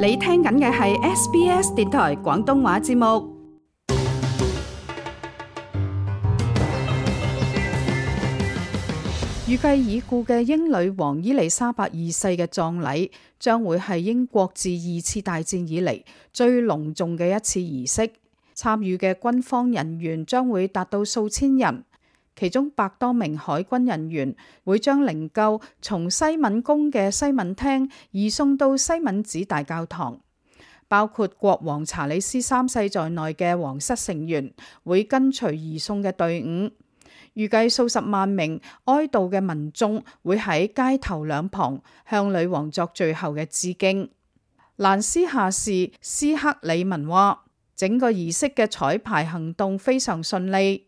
你聽緊嘅係 SBS 電台廣東話節目。預計已故嘅英女王伊利沙伯二世嘅葬禮將會係英國自二次大戰以嚟最隆重嘅一次儀式，參與嘅軍方人員將會達到數千人。其中百多名海軍人員會將靈柩從西敏宮嘅西敏廳移送到西敏寺大教堂，包括國王查理斯三世在內嘅皇室成員會跟隨移送嘅隊伍。預計數十萬名哀悼嘅民眾會喺街頭兩旁向女王作最後嘅致敬。蘭斯下士斯克里文話：整個儀式嘅彩排行動非常順利。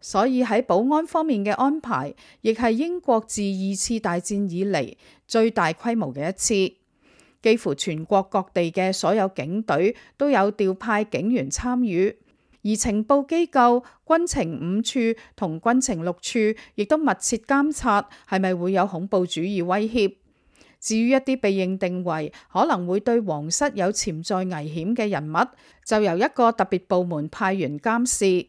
所以喺保安方面嘅安排，亦係英國自二次大戰以嚟最大規模嘅一次。幾乎全國各地嘅所有警隊都有調派警員參與，而情報機構軍情五處同軍情六處亦都密切監察係咪會有恐怖主義威脅。至於一啲被認定為可能會對皇室有潛在危險嘅人物，就由一個特別部門派員監視。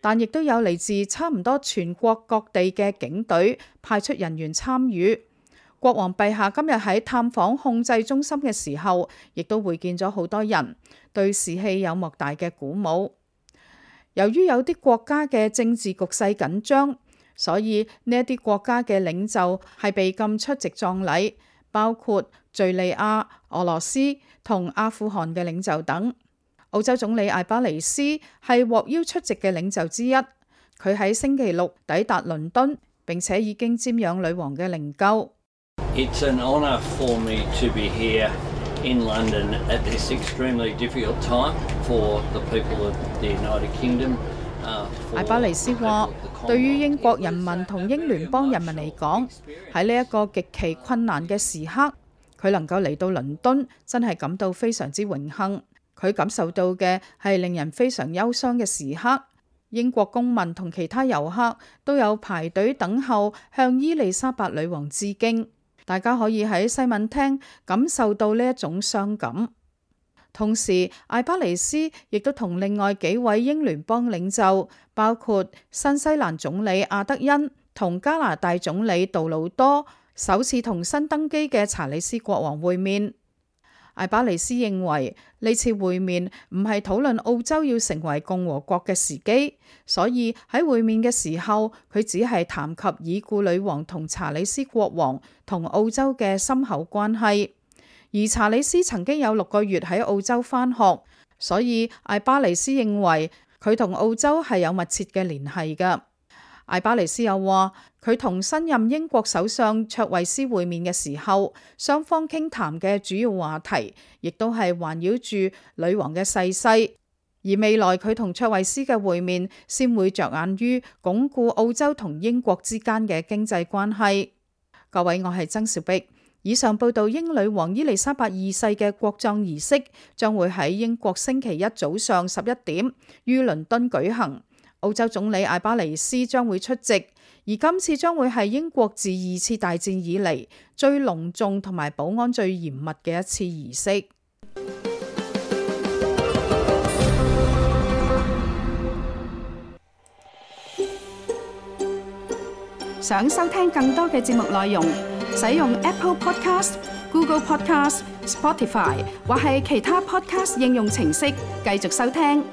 但亦都有嚟自差唔多全國各地嘅警隊派出人員參與。國王陛下今日喺探訪控制中心嘅時候，亦都會見咗好多人，對士氣有莫大嘅鼓舞。由於有啲國家嘅政治局勢緊張，所以呢一啲國家嘅領袖係被禁出席葬禮，包括敘利亞、俄羅斯同阿富汗嘅領袖等。澳洲總理艾巴尼斯係獲邀出席嘅領袖之一。佢喺星期六抵達倫敦，並且已經瞻仰女王嘅靈柩。It's an honor for me to be here in London at this extremely difficult time for the people of the United Kingdom. 艾巴尼斯話，對於英國人民同英聯邦人民嚟講，喺呢一個極其困難嘅時刻，佢能夠嚟到倫敦，真係感到非常之榮幸。佢感受到嘅係令人非常憂傷嘅時刻。英國公民同其他遊客都有排隊等候向伊利沙伯女王致敬。大家可以喺西敏廳感受到呢一種傷感。同時，艾巴尼斯亦都同另外幾位英聯邦領袖，包括新西蘭總理阿德恩同加拿大總理杜魯多，首次同新登基嘅查理斯國王會面。艾巴尼斯認為呢次會面唔係討論澳洲要成為共和國嘅時機，所以喺會面嘅時候，佢只係談及已故女王同查理斯國王同澳洲嘅深厚關係。而查理斯曾經有六個月喺澳洲返學，所以艾巴尼斯認為佢同澳洲係有密切嘅聯繫㗎。艾巴尼斯又話，佢同新任英國首相卓維斯會面嘅時候，雙方傾談嘅主要話題，亦都係環繞住女王嘅逝世，世，而未來佢同卓維斯嘅會面，先會着眼於鞏固澳洲同英國之間嘅經濟關係。各位，我係曾小碧，以上報道英女王伊利沙伯二世嘅國葬儀式，將會喺英國星期一早上十一點於倫敦舉行。澳洲總理艾巴尼斯將會出席，而今次將會係英國自二次大戰以嚟最隆重同埋保安最嚴密嘅一次儀式。想收聽更多嘅節目內容，使用 Apple Podcast、Google Podcast、Spotify 或係其他 Podcast 應用程式，繼續收聽。